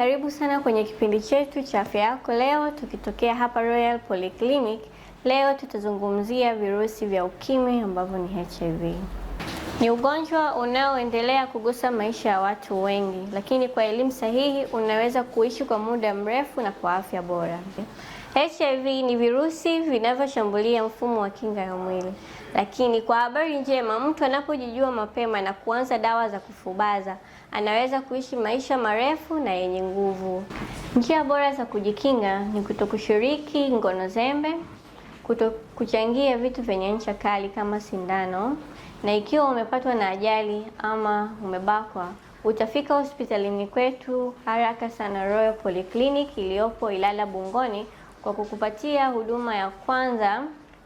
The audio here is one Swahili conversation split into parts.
Karibu sana kwenye kipindi chetu cha afya yako leo, tukitokea hapa Royal Polyclinic. Leo tutazungumzia virusi vya ukimwi ambavyo ni HIV. Ni ugonjwa unaoendelea kugusa maisha ya watu wengi, lakini kwa elimu sahihi unaweza kuishi kwa muda mrefu na kwa afya bora. HIV ni virusi vinavyoshambulia mfumo wa kinga ya mwili, lakini kwa habari njema, mtu anapojijua mapema na kuanza dawa za kufubaza anaweza kuishi maisha marefu na yenye nguvu. Njia bora za kujikinga ni kutokushiriki ngono zembe kuto kuchangia vitu vyenye ncha kali kama sindano, na ikiwa umepatwa na ajali ama umebakwa, utafika hospitalini kwetu haraka sana Royal Polyclinic iliyopo Ilala Bungoni kwa kukupatia huduma ya kwanza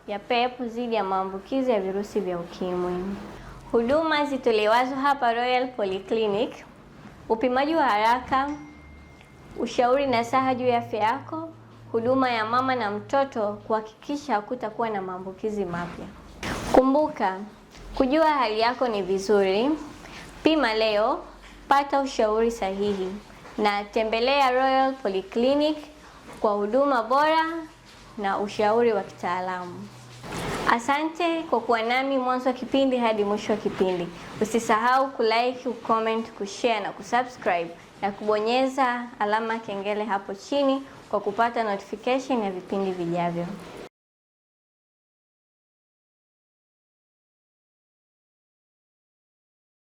ya PEP e dhidi ya maambukizi ya virusi vya ukimwi. Huduma zitolewazo hapa Royal Polyclinic: upimaji wa haraka, ushauri na saha juu ya afya yako huduma ya mama na mtoto kuhakikisha hakutakuwa na maambukizi mapya. Kumbuka, kujua hali yako ni vizuri. Pima leo, pata ushauri sahihi na tembelea Royal Polyclinic kwa huduma bora na ushauri wa kitaalamu. Asante kwa kuwa nami mwanzo wa kipindi hadi mwisho wa kipindi. Usisahau kulike, kucomment, kushare na kusubscribe na kubonyeza alama kengele hapo chini kwa kupata notification ya vipindi vijavyo.